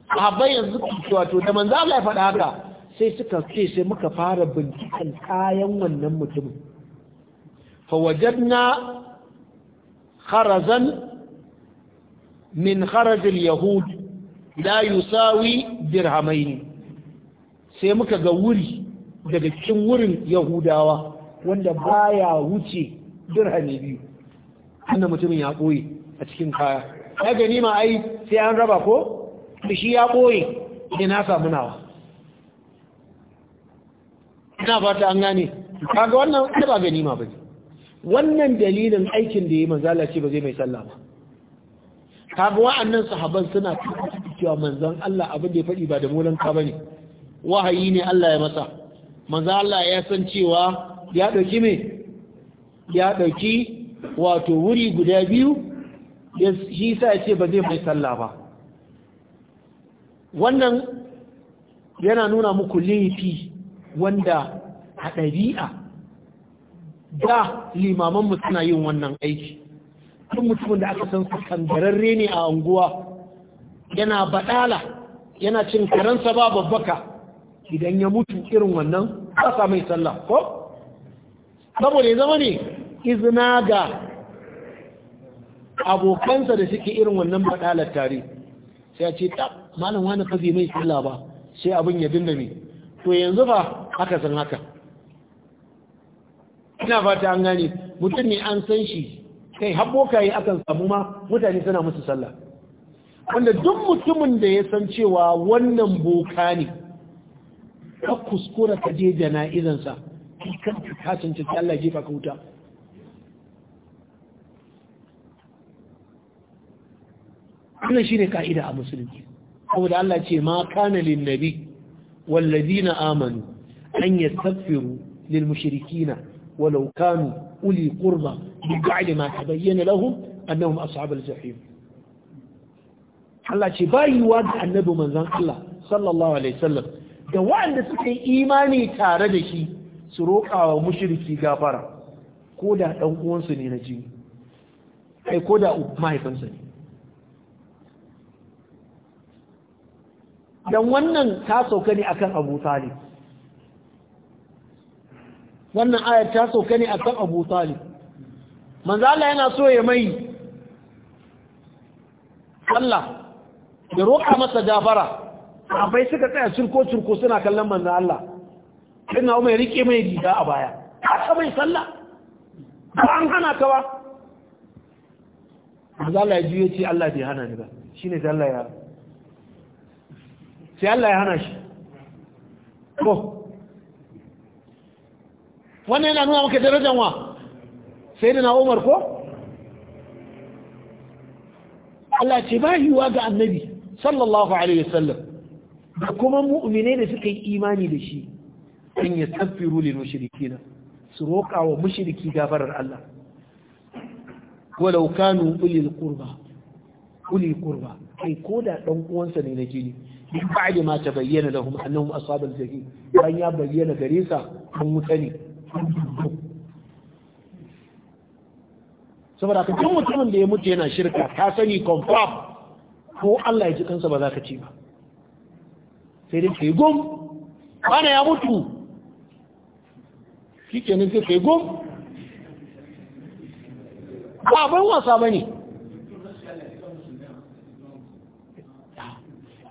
sahabbai yanzu cewa to da manzo Allah ya faɗa haka sai suka ce sai muka fara binciken kayan wannan mutumin fa wajadna kharazan min kharaj al-yahud la yusawi dirhamayn sai muka ga wuri daga cikin wurin yahudawa wanda baya wuce dirhami biyu mutumin ya koyi a cikin kaya ai ganima ai sai an raba ko shi ya ɓoye ne na samu nawa ina fata an gane kaga wannan ba ganima ba wannan dalilin aikin da ya manzala ce ba zai mai sallah ba kaga wa'annan sahaban suna cewa manzon Allah abin da ya faɗi ba da molan ka bane wahayi ne Allah ya masa manzon Allah ya san cewa ya ɗauki me ya ɗauki wato wuri guda biyu shi sa ya ce ba zai mai sallah ba wannan yana nuna muku laifi wanda a ɗabi'a da limamanmu suna yin wannan aiki tun mutumin da aka san su kangararre ne a unguwa yana baɗala yana cin karansa ba babbaka idan ya mutu irin wannan ba sa mai sallah ko saboda ya zama ne izina ga abokansa da suke irin wannan baɗalar tare sai a ce ta malam wani fa mai sallah ba sai abin ya dinda me to yanzu ba haka san haka ina fata an gane mutum ne an san shi kai habbokaye akan samu ma mutane suna musu sallah wanda duk mutumin da ya san cewa wannan boka ne ka kuskura ka je jana'izansa kan ka cancanci Allah jefa ka wuta wannan shine ka'ida a musulunci saboda Allah ce ma kana lin nabi wal amanu an yastaghfiru lil mushrikina walau kanu uli qurba min ba'di ma tabayyana lahum annahum ashabul jahim Allah ce bayuwa ga annabi manzon Allah sallallahu alaihi wasallam da waɗanda suka yi imani tare da shi su roƙawa mushriki gafara ko da ɗan uwansu ne na jini kai ko da mahaifinsa ne dan wannan ta sauka ne akan Abu Talib wannan ayar ta sauka ne akan Abu Talib manzo Allah yana so ya mai Allah ya roƙa masa gafara abai suka tsaya cirko cirko suna kallon manzo Allah sai na mai rike mai riga a baya haka mai sallah ba an hana ka ba manzo Allah ya ji ya ce Allah bai hana ni ba shine sai Allah ya sai Allah ya hana shi ko wannan yana nuna maka darajar wa sai da na umar ko Allah ce ba yiwuwa ga annabi sallallahu alaihi wasallam da kuma mu'minai da suka yi imani da shi an ya tafiru lil mushrikina su roƙa wa mushriki gafarar Allah walau kanu ulil qurba uli qurba kai da ɗan uwansa ne na jini min ba'di ma tabayyana lahum annahum ashabul jahim bayan ya bayyana gare sa an wuta ne saboda ka duk mutumin da ya mutu yana shirka ka sani confirm ko Allah ya ji kansa ba za ka ci ba sai dai kai gum ana ya mutu shikenan sai kai gum ba ban wasa bane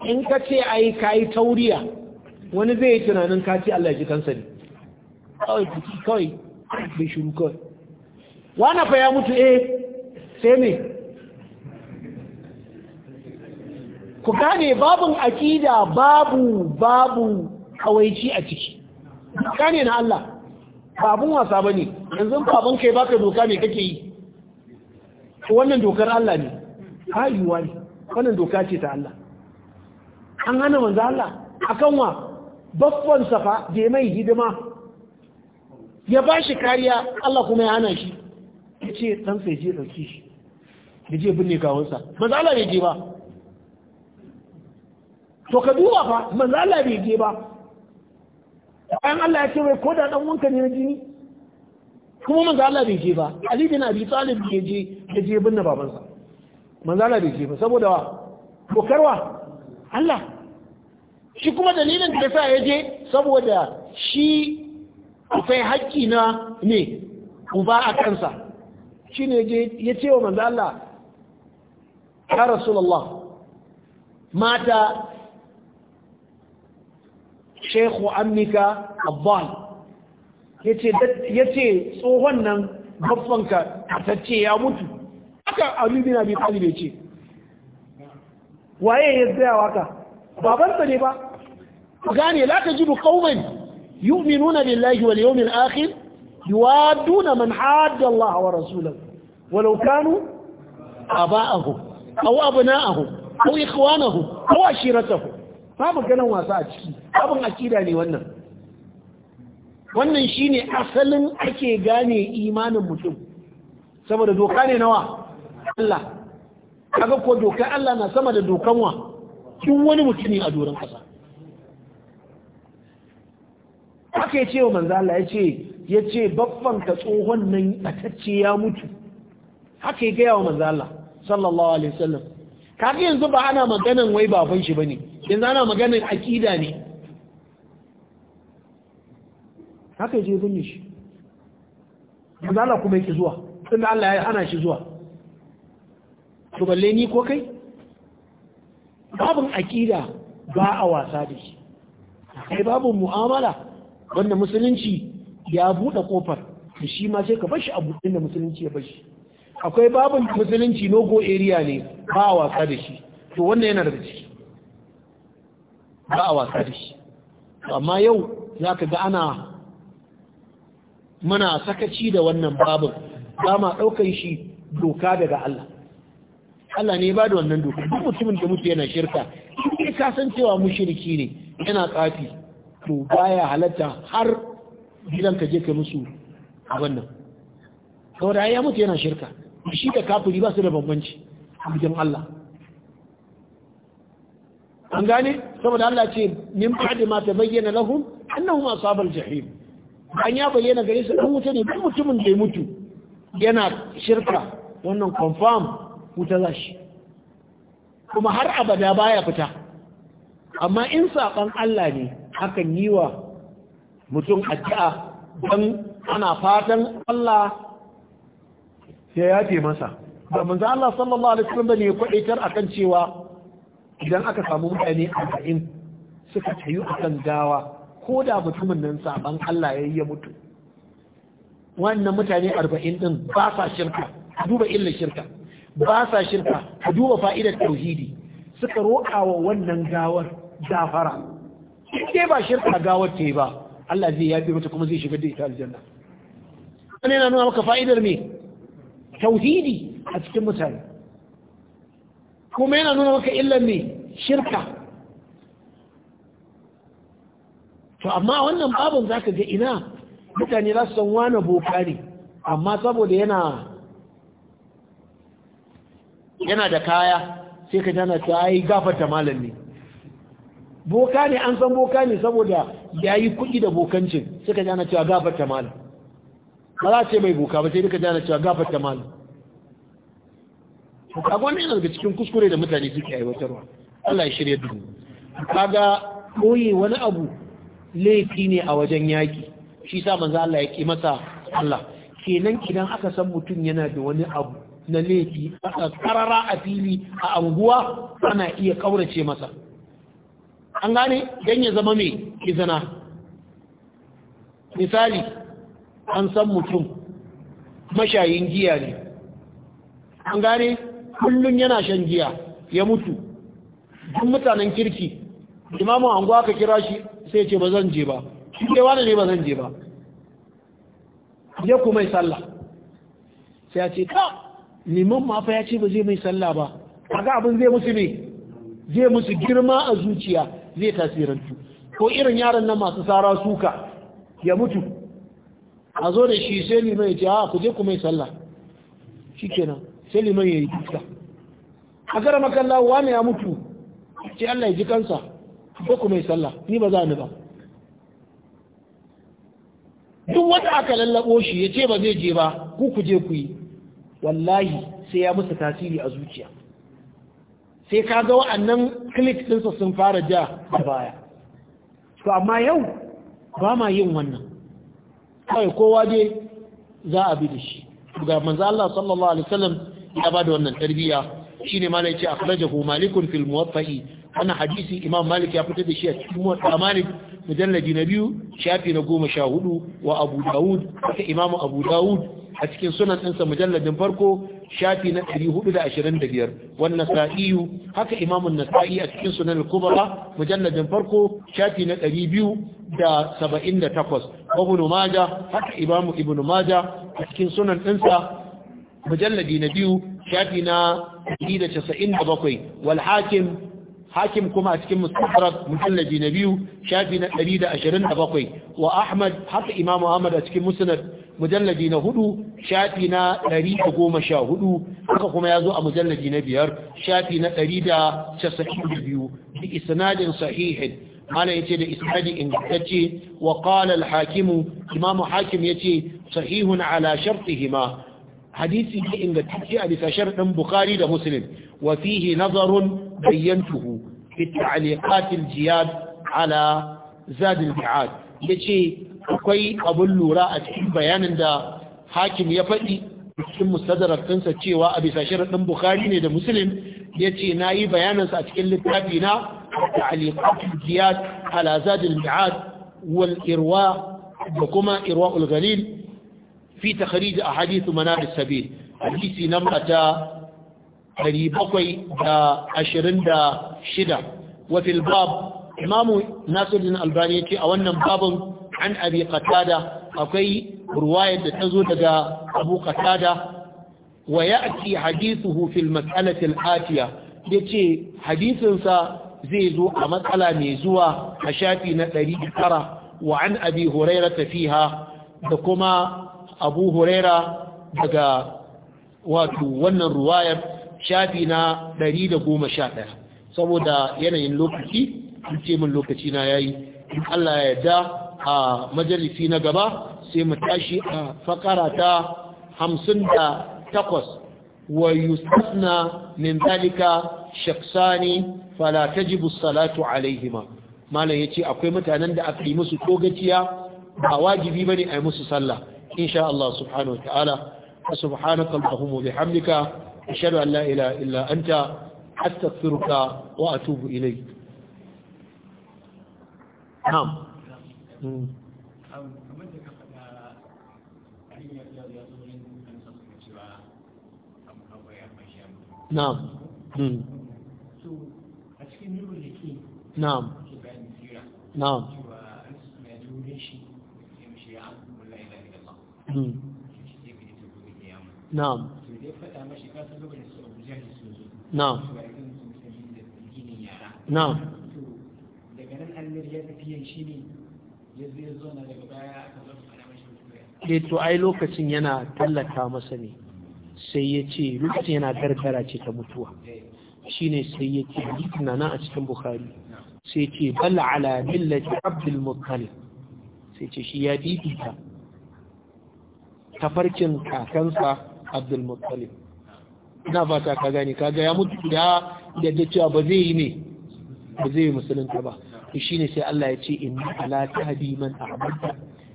in ka ce ai ka yi tauriya wani zai yi tunanin ka Allah ji kansa ne kawai kawai bai shiru kawai wana fa ya mutu eh sai me ku gane babun akida babu babu kawaici a ciki gane na Allah babun wasa ba ne, yanzu babun kai baka doka me kake yi wannan dokar Allah ne hayuwa ne wannan doka ce ta Allah an hana manzo Allah akan wa baffan safa da mai hidima ya ba shi kariya Allah kuma ya hana shi ya ce ɗan sai je ɗauki shi da je binne kawunsa manzo Allah bai je ba to ka duba fa manzo Allah bai je ba bayan Allah ya ce wai ko da dan wanka ne na jini kuma manzo Allah bai je ba Ali bin Abi Talib bai je ya je binne babansa manzo Allah bai je ba saboda wa karwa. Allah shi kuma dalilin da sa ya je saboda shi akwai haƙƙi na ne uba a kansa shi ne ya ce wa manzo Allah ya rasulullah mata shekhu amnika abbal ya ce tsohon nan babbanka ta ce ya mutu aka abubuwan abin ɗalibai ce waye ya tsaya waka babansa ne ba ku gane la tajidu qauman yu'minuna billahi wal yawmil akhir yuwaduna man hadda Allah wa rasulahu walau kanu aba'ahum aw abna'ahum aw ikhwanahum aw ashiratahum babu ganin wasa a ciki abin akida ne wannan wannan shine asalin ake gane imanin mutum saboda doka ne nawa Allah kaga ko dokar Allah na sama da dokan wa duk wani mutumi a doron kasa haka ya ce wa manzo Allah ya ce ya ce babban ka tsohon nan batacce ya mutu haka ya gaya wa manzo Allah sallallahu alaihi wasallam kaga yanzu ba ana maganan wai baban shi bane yanzu ana maganan akida ne haka ya je binne shi manzo Allah kuma yake zuwa tunda Allah ya hana shi zuwa to balle ni ko kai babin aƙida ba a wasa da shi kai babin mu'amala wanda musulunci ya buɗe ƙofar da shi ma sai ka bar shi a buɗin da musulunci ya bar shi akwai babin musulunci nogo area ne ba a wasa da shi to wannan yana da ciki ba a wasa da shi amma yau za ka ga ana muna sakaci da wannan babin ba ma ɗaukan shi doka daga Allah Allah ne ba da wannan doka duk mutumin da mutu yana shirka in ka san cewa mushriki ne yana kafi to baya halatta har gidan ka je ka musu abin nan saboda ya mutu yana shirka shi da kafiri ba su da bambanci a wajen Allah an gane saboda Allah ce min fadi ma ta bayyana lahum annahum ashabal jahim an ya bayyana gare su dan wuta ne duk mutumin da ya mutu yana shirka wannan confirm wuta za shi kuma har abada baya fita amma in saɓan Allah ne hakan yi wa mutum addu'a don ana fatan Allah ya yafe masa da zan Allah sallallahu alaihi wasallam bane a akan cewa idan aka samu mutane 40 suka tayu akan dawa ko da mutumin nan saban Allah yayi ya mutu wannan mutane arba'in din ba sa shirka duba illa shirka ba sa shirka ka duba fa'idar tauhidi suka roƙa wa wannan gawar gafara sai ba shirka gawar ta ba Allah zai yafe mata kuma zai shiga da ita aljanna ana yana nuna maka fa'idar me tauhidi a cikin mutane kuma yana nuna maka illar me shirka to amma wannan babin zaka ga ina mutane za su san wani boka ne amma saboda yana yana da kaya sai ka tana ta ai gafarta malami. boka ne an san boka ne saboda ya yi kuɗi da bokancin sai ka tana cewa gafarta malam ba za ce mai boka ba sai duka tana cewa gafarta malam kagon yana daga cikin kuskure da mutane suke aiwatarwa Allah ya shirya duhu kaga koyi wani abu laifi ne a wajen yaki shi sa manzo Allah ya ki masa Allah kenan idan aka san mutum yana da wani abu na laifi a karara a fili a anguwa ana iya kaurace masa an gane don ya zama mai izina misali an san mutum mashayin giya ne an gane kullum yana shan giya ya mutu duk mutanen kirki imamu anguwa ka kira shi sai ce ba zan je ba shi ke wane ne ba zan je ba ya kuma yi sallah sai ya ce ta liman ma fa ya ce ba zai mai sallah ba kaga abin zai musu ne zai musu girma a zuciya zai tasirantu ko irin yaran nan masu tsara suka ya mutu a zo da shi sai liman ya ce a ah, ku je ku mai sallah shi kenan sai liman ya yi duka a gara makalla wani ya mutu ce Allah ya ji kansa ko ku mai sallah ni ba za ni ba duk wata aka lallabo shi ya ce ba zai je ba ku ku je ku yi wallahi sai ya musu tasiri a zuciya sai ka ga wa'annan click ɗinsa sun fara ja da baya to amma yau ba ma yin wannan kawai kowa dai za a bi da shi ga manzo Allah sallallahu alaihi wasallam ya bada wannan tarbiyya shine malai ce akhrajahu malikun fil muwaffa'i wannan hadisi imam malik ya fitar da shi a cikin muwatta malik mujalladi na biyu shafi na goma sha hudu wa abu daud. haka imamu abu daud a cikin sunan ɗinsa mujalladin farko shafi na ɗari hudu da ashirin da biyar wannan sa'iyu haka imamun nasa'i a cikin sunan kubara mujalladin farko shafi na ɗari biyu da saba'in da takwas ibnu maja haka imamu ibnu maja a cikin sunan ɗinsa mujalladi na biyu shafi na ɗari da casa'in da bakwai wal hakim hakim kuma a cikin mustadrak mujallabi na biyu shafi na 127 wa ahmad haka imamu ahmad a cikin musnad mujallabi na hudu shafi na 114 haka kuma ya zo a mujallabi na biyar shafi na 192 bi isnadin sahihin mana yace da isnadi ingantacce wa qala al hakim imamu hakim yace sahihun ala shartihima hadisi ne ingantacce a bisa sharɗin da muslim wa fihi nazarun bayyantuhu fi ta'liqatil jiyad ala zad al-mi'ad yace akwai abun lura a cikin bayanin da hakim ya faɗi cikin musaddaratinsa cewa a bisa sharadin bukhari ne da muslim yace nayi bayanin sa a cikin littafi na ta'liqatil jiyad ala zad al-mi'ad wal irwa da kuma irwa al-ghalil fi takhrij ahadith manab as-sabil hadisi namata ɗari bakwai da ashirin da shida wafil bab imamu nasiruddin albani ya ce a wannan babin an abi qatada akwai ruwayar da ta zo daga abu qatada wa ya'ti hadithuhu fil mas'alati atiya Ya hadisin sa zai zo a matsala mai zuwa a shafi na ɗari tara. wa an abi huraira tafiha da kuma abu huraira daga wato wannan ruwayar shafi na 111 saboda yanayin lokaci ce min lokaci na yayi in Allah ya yarda a majalisi na gaba sai mu tashi a fakara ta 58 wa yustasna min zalika shakhsani fala tajibu salatu alaihima malam yace akwai mutanen da aka yi musu kogaciya ba wajibi bane a yi musu sallah insha Allah subhanahu wa ta'ala subhanakallahumma bihamdika أشهد أن لا إله إلا أنت أستغفرك وأتوب إليك نعم نعم. نعم نعم نعم نعم na'am na'am daga shi ne zai daga baya to ai lokacin yana tallata masa ne sai ya ce lokacin yana gargara ce ta mutuwa shine sai ya ce na nan a cikin bukhari sai ce bal'a ala millati abdul sai ce shi ya bibita farkin kakansa abdul na fata ka gane kaga ya mutu da yadda cewa ba zai yi ne ba zai yi musulunta ba shi ne sai Allah ya ce inna ala tahdi man ahbabta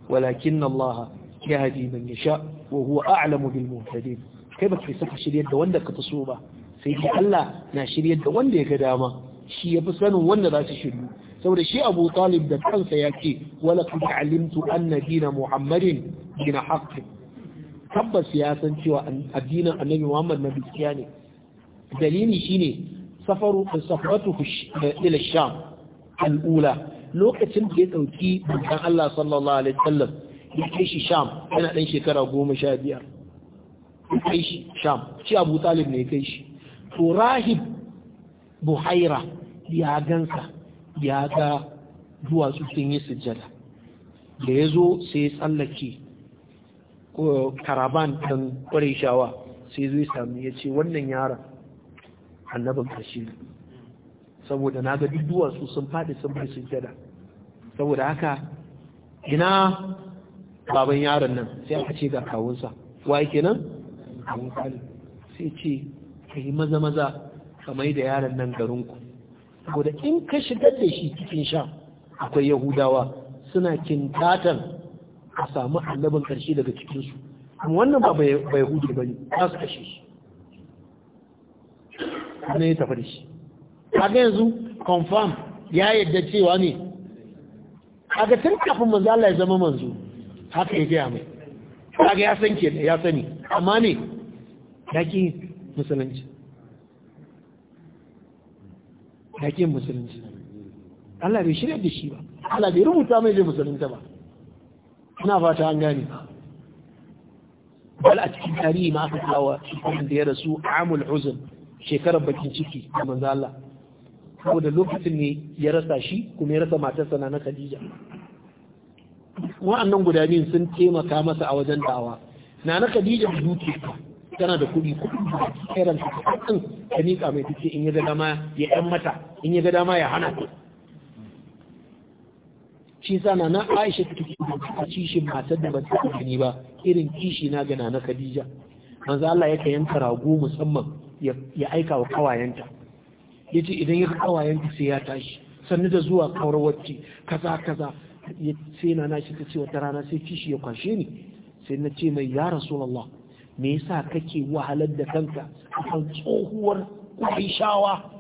walakin Allah yahdi man yasha wa huwa a'lamu bil muhtadin kai ba kai saka shiryar da wanda ka so ba sai dai Allah na shiryar da wanda ya ga dama shi ya fi sanin wanda za su shiryu saboda shi Abu Talib da kansa ya ce wala kun alimtu anna dina Muhammadin dina haqqin tabbas ya san cewa addinin annabi Muhammad na gaskiya ne dalili shine safaru safatu ila sham al'ula lokacin da ya dauki dan Allah sallallahu alaihi wasallam ya kai shi sham yana dan shekara 15 ya kai shi sham shi Abu Talib ne ya kai shi to rahib buhaira ya gansa ya ga duwatsu sun yi sujjada da ya zo sai ya tsallake karaban ɗin shawa sai zai sami ya ce wannan yaran annabin ƙarshe saboda na ga duk su sun faɗi sun fi sun jada saboda haka ina baban yaron nan sai aka ce ga kawunsa wa yake nan kawun kali sai ce ka yi maza maza kamar da yaron nan garinku saboda in ka shigar da shi cikin sha akwai yahudawa suna kintatan a samu annabin ƙarshe daga cikinsu wannan ba bai hudu ba ne za su kashe shi ne ya tafi da shi kaga yanzu confirm ya yadda cewa ne ga tun kafin manzo Allah ya zama manzo haka ya gaya mai kaga ya san ke ya sani amma ne ya ki musulunci ya ki musulunci Allah bai shirya da shi ba Allah bai rubuta mai zai musulunta ba ina fata an gane bal a cikin tarihi ma aka kawo cikin da ya rasu amul uzun shekarar bakin ciki a manzo Allah saboda lokacin ne ya rasa shi kuma ya rasa matarsa na Khadija wa'annan guda biyun sun taimaka masa a wajen dawa. Nana Khadija da duke tana da kuɗi kuɗi da kairan ta kan ta mika mai tace in ya ga dama ya ɗan mata in ya ga dama ya hana ta shi sa na Aisha ta take da kishin matar da bata gani ba irin kishi na gana na Khadija manzo Allah yanka rago musamman ya aika wa kawayenta yace idan ya kawayenta sai ya tashi sannu da zuwa wacce kaza kaza sai na nashi ta ce wata rana sai kishi ya kwashe ni sai na ce mai ya rasulullah me yasa kake wahalar da kanka akan tsohuwar kwaishawa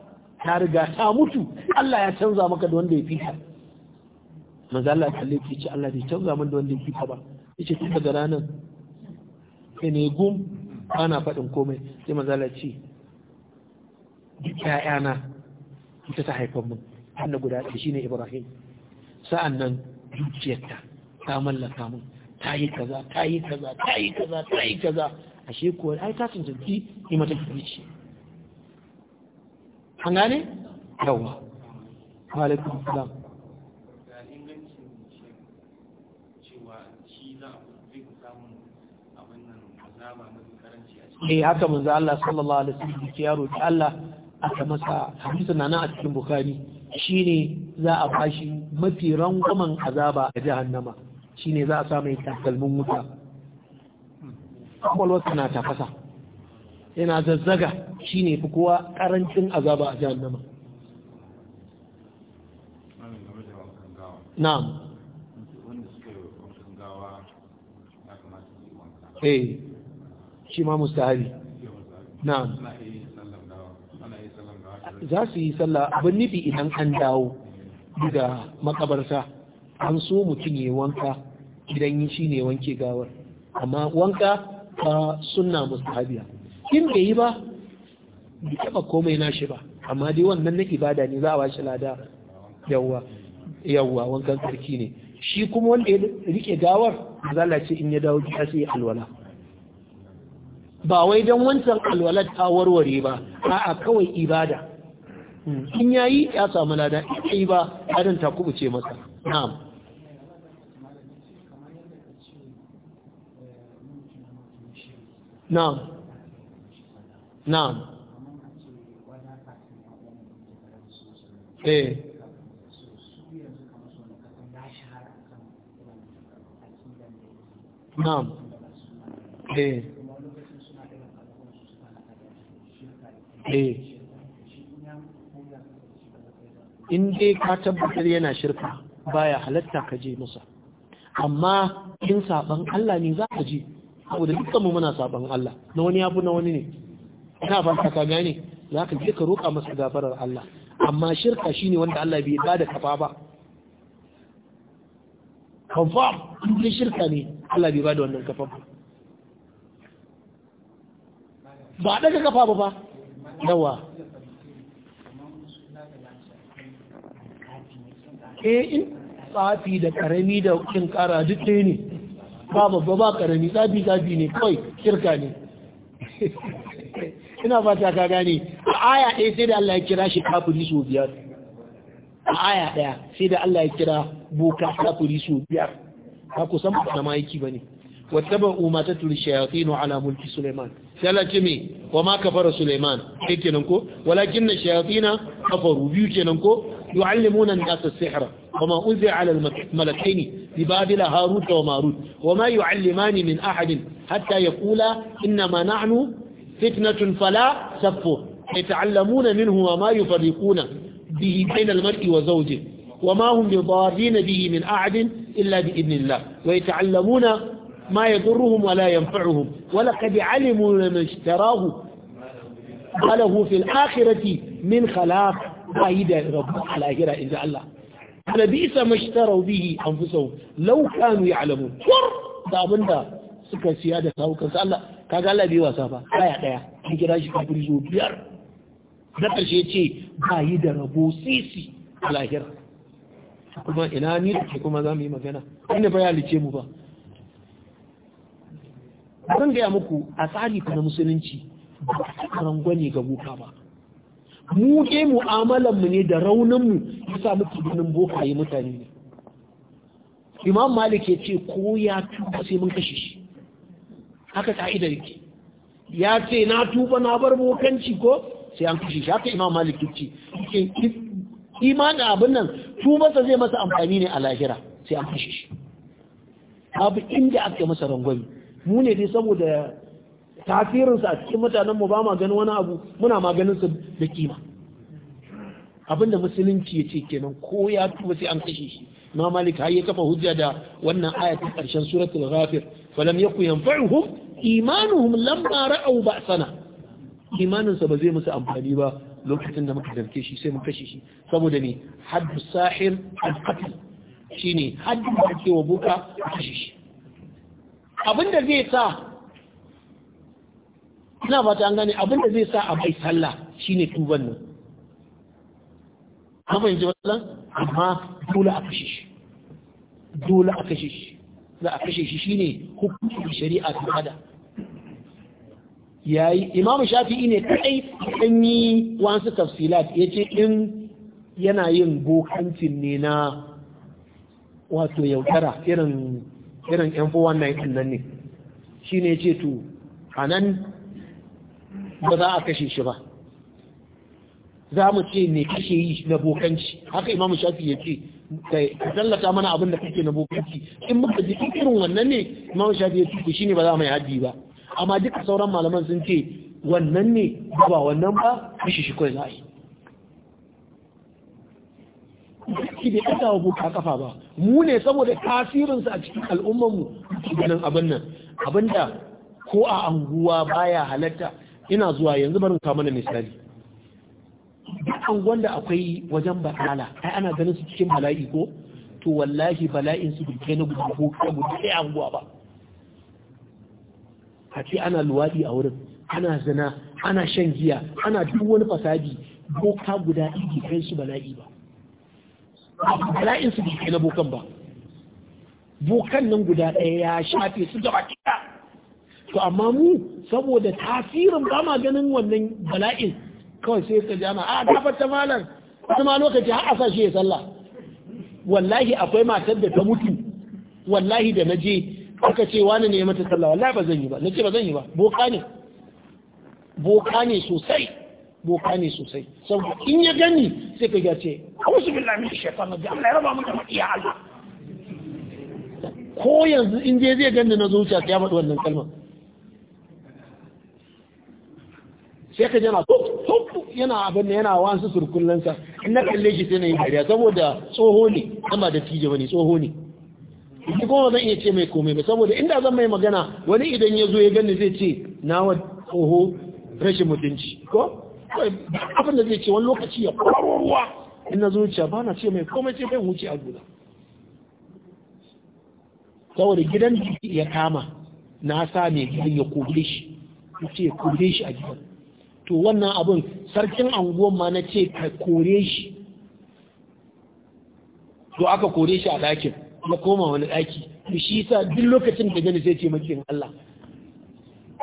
ta riga ta mutu Allah ya canza maka da wanda ya fita manzo Allah kalle ki ce Allah bai canza min da wanda yake ba yace tun daga ranar sai ne gum ana faɗin komai sai manzo Allah ce duk ƴaƴana ita ta haifar mun hannu guda ɗaya shine Ibrahim sa'annan dukiyarta ta mallaka mun ta yi kaza ta yi kaza ta yi kaza ta yi kaza ashe kuwa ai ta cancanci yi mata kirci an gane yawa wa alaikum salam eh haka manzo Allah sallallahu alaihi wasallam ya roki Allah aka masa hadisin nan a cikin bukhari shine za a bashi mafi rangwamen azaba a jahannama shine za a samu mai takalmin wuta kwalwata ta tafasa yana zazzaga shine fi kowa karancin azaba a jahannama na'am wanka eh. shi ma mustahari na'am za su yi sallah abin nufi idan an dawo daga makabarta an so mutum ya wanka idan yi ne wanke gawar amma wanka ta sunna mustahabiya in bai yi ba bai taba komai nashi ba amma dai wannan na ibada ne za a bashi lada yawwa wankan sarki ne shi kuma wanda ya rike gawar zalla ce in ya dawo gida sai alwala ba wai don wancan alwalar ta warware ba a'a kawai ibada in ya yi ya samu lada yi ba ladan ta kubuce masa na'am na'am na'am eh na'am eh eh in dai ka tabbatar yana shirka baya halatta ka je masa amma in saban Allah ne za ka je saboda dukkan mu muna saban Allah na wani abu na wani ne ina ba ka gane za ka je ka roƙa masa gafarar Allah amma shirka shine wanda Allah bai ba da kafa ba confirm in shirka ne Allah bai ba da wannan kafa ba ba daga kafa ba ba nawa eh, in tsafi da karami da kin kara duk ne ba babba ba karami tsafi tsafi ne kawai shirka ne ina fata ka gane a aya ɗaya sai da Allah ya kira shi kafiri sau biyar a aya ɗaya sai da Allah ya kira boka kafiri sau biyar ba ku san ba ma yaki ba ne wata ba umar ta turi shayatinu ala mulki suleiman sai Allah ce me وما كفر سليمان Sulaiman إيه ولكن الشياطين كفروا walakin يعلمون الناس biyu وما أنزل على الملكين ببابل هاروت وماروت وما يعلمان من أحد حتى يقولا إنما نحن فتنة فلا سفه يتعلمون منه وما يفرقون به بين المرء وزوجه وما هم بضارين به من أحد إلا بإذن الله ويتعلمون ما يضرهم ولا ينفعهم ولقد علموا لما اشتراه malahu fil akhirati min khalaq bai da rabu a lahira inda Allah da bisa mashtarau bihi anfusahum law kanu ya'lamun kur da abinda suka siya da saukan sa Allah kaga Allah bai wasa ba aya daya an kira shi kafiri zo biyar da karshe ce yi da rabo sisi a lahira kuma ina ni ke kuma za mu yi magana inda ba ya lice mu ba zan gaya muku a tsari na musulunci ba ga boka ba mu ke mu'amalan mu ne da raunin mu sa muke ganin boka yi mutane ne imam malik ya ce ko ya tuba sai mun kashe shi haka ka'idar yake ya ce na tuba na bar bokanci ko sai an kashe shi haka imam malik ya ce imanin abin nan tubarsa zai masa amfani ne a lahira sai an kashe shi abu inda aka masa rangwami mu ne dai saboda tasirinsa a cikin mutanen mu ba ma ganin wani abu muna ma ganin su da kima abinda musulunci ya ce kenan ko ya tuba sai an kashe shi ma malik har ya kafa hujja da wannan aya ta karshen suratul ghafir falam yaku yanfa'uhum imanuhum lamma ra'aw ba'sana imanin sa ba zai musu amfani ba lokacin da muka dalke shi sai mun kashe shi saboda ne haddu sahir al-qatl shine haddu da ke wa buka kashe shi abinda zai sa ina fata an gane abin da zai sa a bai sallah shine tuban nan an fahimci wasu amma dole a kashe shi dole a kashe shi za a kashe shi shine hukuncin shari'a ta hada yayi imam shafi'i ne kai an yi wasu tafsilat yace in yana yin bokancin ne na wato yaudara irin irin yan 419 nan ne shine ce to anan ba za a kashe shi ba za mu ce me kashe yi na bokanci haka imam shafi ya ce ka tallata mana abin da kake na bokanci in muka ji irin wannan ne imam shafi ya ce shi ne ba za mu yi haddi ba amma duka sauran malaman sun ce wannan ne ba wannan ba kashe shi kawai za a yi ki bai kasa wa buka kafa ba mu ne saboda tasirinsa a cikin al'ummarmu ganin abin nan abinda ko a anguwa baya halatta ina zuwa yanzu barin kawo mana misali duk wanda akwai wajen batala ai ana ganin su cikin bala'i ko to wallahi bala'in su duke na gudu ko ka gudu sai anguwa ba a ce ana luwaɗi a wurin ana zina ana shan giya ana duk wani fasadi boka guda iji kai su bala'i ba bala'in su duke na bokan ba bokan nan guda ɗaya ya shafe su gaba ɗaya to amma mu saboda tasirin ba ma ganin wannan bala'in kawai sai ka jana a ah, ta malar malam ma lokaci har a sa shi ya sallah wallahi akwai matar da ta mutu wallahi da naje aka ce wani ne mata sallah wallahi ba zan yi ba nace ba zan yi ba boka ne boka ne sosai boka ne sosai saboda in ya gani sai ka gace ce auzu billahi min shaitanir na Allah ya raba mu da madiya Allah ko yanzu in je zai gani na zuciya ya faɗi wannan kalmar sai ka jana yana abin da yana wasu surkullansa in na kalle shi sai na yi dariya saboda tsoho ne amma da tije wani tsoho ne ni kuma zan iya ce mai komai ba saboda inda zan mai magana wani idan ya zo ya gani zai ce na wa tsoho rashin mutunci ko abin da zai ce wani lokaci ya kwaro ruwa in na zuciya ba na ce mai komai ce, bai wuce a guda saboda gidan ya kama na sa mai gidan ya kuble shi ya ce kuble shi a gidan to wannan abun sarkin anguwan ma na ce ka kore shi to aka kore shi a ɗakin na koma wani ɗaki to shi sa duk lokacin da gani sai ce makin Allah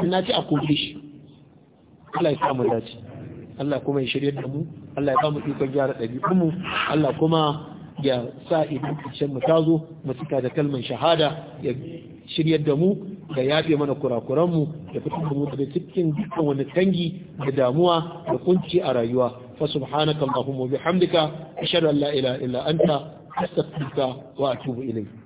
na ce a kore shi Allah ya samu dace Allah kuma ya shirya da mu Allah ya ba mu ikon gyara ɗabi'unmu Allah kuma ya sa idan ƙarshen mu ta zo mu cika da kalman shahada ya shiryar da mu da yafe mana kurakuranmu da fitar da mu daga cikin dukkan wani tangi da damuwa da kunci a rayuwa fa subhanaka allahumma bihamdika ashhadu an la ilaha illa anta astaghfiruka wa atubu ilayk